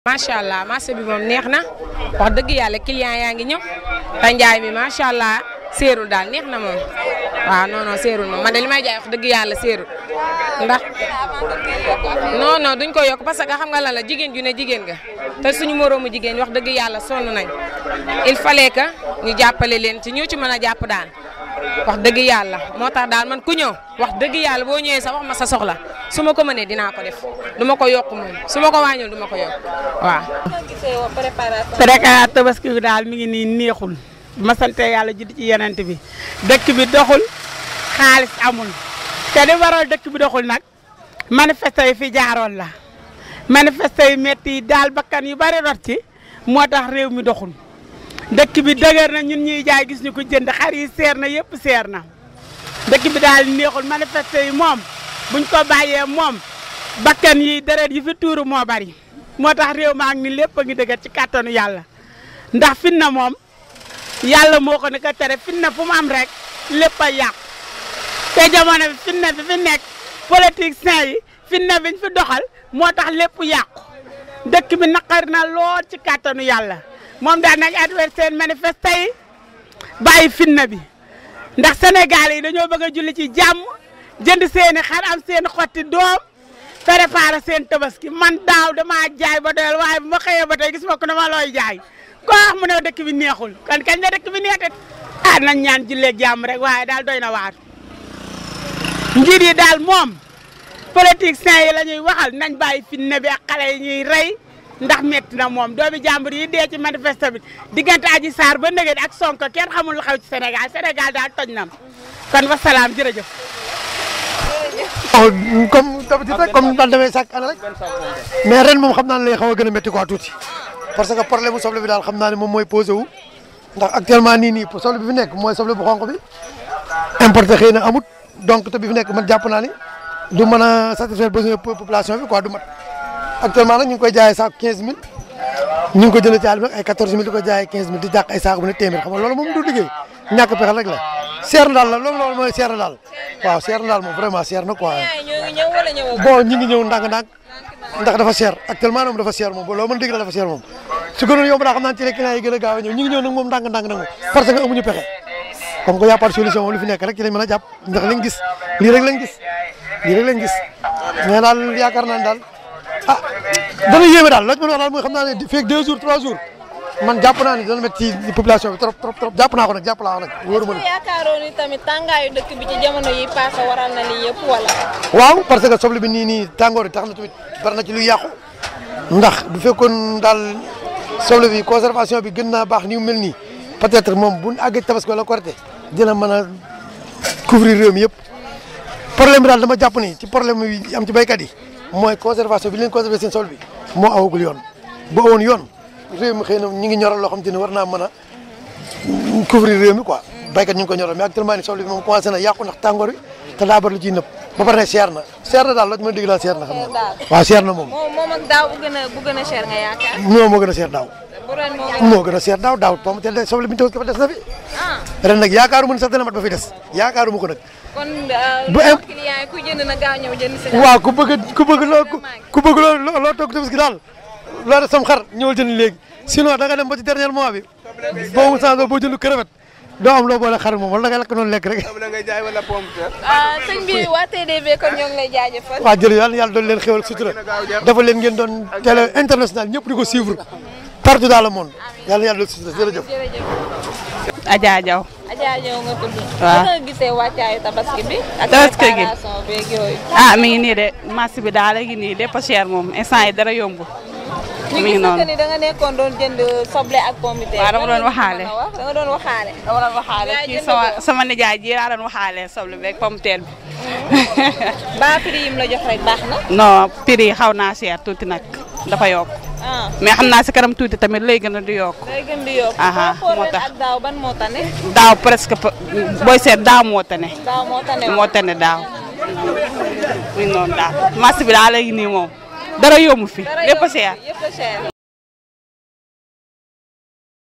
macha allah marché bi moom neex na wax dëgg yàlla client yaa ngi ñëw te njaay mi macha allah séerul daal neex na moom waaw non non séerul moom man de li may jaay wax dëgg yàlla séerul ndax non non duñ ko yokk parce que xam nga la la jigéen ju ne jigéen ga te suñu moroomu jigéen wax dëgg yàlla sonn nañ il fallait que ñu jàppale leen ci ñoo ci mën a jàpp daal wax dëgg yàlla moo tax daal man ku ñëw wax dëgg yàlla boo ñëwee sa wax ma sa soxla. su ma ko mënee dinaa ko def du ma ko yokk moom su ma ko wàññil du ma ko yokk waaw. préparation tabaski daal mi ngi nii neexul ma sant yàlla ji ci yenent bi dëkk bi doxul xaalis amul te li waral dëkk bi doxul nag manifeste yi fi jaaroon la manifeste yi métti yi daal bakkan yi bari rot ci moo tax réew mi doxul dëkk bi dëgër na ñun ñuy jaay gis ñu ko jënd xar seer na yëpp seer na dëkk bi daal neexul manifeste yi moom. buñ ko bàyyee moom bakkan yi deret yi fi tuuru moo bari moo tax réew maa ngi ni lépp a ngi dëgër ci kàttanu yàlla ndax fitna moom yàlla moo ko ne ko tere fitna fu mu am rek lépp a yàq te jamono bi fitna bi fi nekk politiciens yi fitna biñ fi doxal moo tax lépp yàqu dëkk bi naqar na lool ci kàttanu yàlla moom daal nañ adversaire manifesté yi bàyyi fitna bi ndax Sénégal yi dañoo bëgg julli ci jàmm jënd seeni xar am seeni xotti doom préparé seen tabaski man daaw dama jaay ba doyal waaye bu ma ba tey gis ma na dama looy jaay koo wax mu ne dëkk bi neexul kan kañ la dëkk bi neexee ah nañ ñaan jullee jàmm rek waaye daal doy na waar ngir yi daal moom politiciens yi la ñuy waxal nañ bàyyi fitna bi ak xale yi ñuy rey ndax métti na moom doomi jàmbur yi dee ci manifeste bi diggante Adji Sarr ba ndëgët ak Sonko ken xamul la xaw ci Sénégal Sénégal daal toj na kon wasalaam jërëjëf waaw oh, comme d'habitude rek comme daan demee chaque année ren moom xam naa ne lay xaw a gën a métti quoi tuuti parce que problème mu soble bi daal xam naa ne moom mooy posé wu ndax actuellement nii nii soble bi fi nekk mooy soble bu xonq bi importé xëy na amut donc te bi fi nekk man jàpp naa ne du mën a satisfaire besoin population bi quoi du mat actuellement nag ñu ngi koy jaayee saako 15000 ñu ngi ko jëlee ci àll bi nag ay di ko jaayee 15000 di jàq saako bu ne téeméer xam nga loolu moom du liggéey ñàkk pexe rek la. seer na daal la loolu loolu mooy waaw seer na daal vraiment seer na quoi bon ñi ngi ñëw ndànk-ndànk ndax dafa seer actuellement moom dafa seer moom loo mën dégg dafa seer moom su gënoon yomb daa xam naa ci la client yi gën gaaw a ñi ngi ñëw nag moom ndànk-ndànk nag parce que amuñu pexe comme que y pas solution fi rek ci ndax gis rek gis rek gis ah xam jours jours man japp na ni dañu metti ci population bi trop trop trop japp na ko nak japp la nak woru ma yaakaro ni tamit tangay dekk bi ci jamono yi passé waral na li yep wala waaw parce que soble bi ni ni tangor tax na tamit bar na ci lu yaqku ndax bu fekkon dal soble bi conservation bi gëna bax ni melni peut-être mom buñu agge tabasco la korté dina mëna couvrir reum yep problème dal dama japp ni ci problème yi am ci baykat yi moy conservation bi leen conserver sen bi mo awugul yoon bo won yoon réew mi xëy na ñu ngi ñoral loo xam te ne war naa mën a couvrir réew mi quoi béykat ñu ngi ko ñoral mais actuellement ni soble bi moom commencé na yàqu ndax tàngoor bi te daa bëri lu ciy nëb ba pare ne seer na seer na daal loo ci mën a dégg daal seer na xam naa waaw seer na moom moom moo gën a seer daaw moo gën a seer daaw daaw pomme te soble bi ñu taw des na fi ah. ren nag yaakaaruma ni sax dana mat ba fi des yaakaaruma ko nag kon euh, client na gaaw ku bëgg ku bëgg loo ku bëgg loo loo toog tabaski daal loo def sam xar ñëwal jënd léegi sinon da nga dem ba ci dernier mois bi boo mu changé boo jënd crevette doo am loo boole xar moom wala da ngay lakk noonu lekk rek. Ah, sëñ bi waa TDV kon ñoo ngi lay jaajëfal. waaw yàlla yàlla doon leen xéwal sutura dafa leen ngeen doon télé ñëpp di ko suivre partout dans le monde yàlla yàlla doon sutura jërëjëf. Adja Diaw. Adja Diaw nga tudd. waaw nga bi. tabaski gi ak ah mi ngi nii de marché bi daal la nii de pas cher moom instant yi dara yomb. mi ngi noonu da nga nekkoon doon jënd soble ak pomme de dama doon waxaale da doon waxaale dama doon sama nijaay ji laa doon waxaale soble beeg pomme bi ba prix yim la jox rek baax non prix yi xaw naa seer dafa yokk mais xam naa tamit lay lay aha moo ak daaw ban moo tane daaw presque booy seet daaw moo tane daaw moo tane moo tane daaw bi dara yomb fi lépp a seer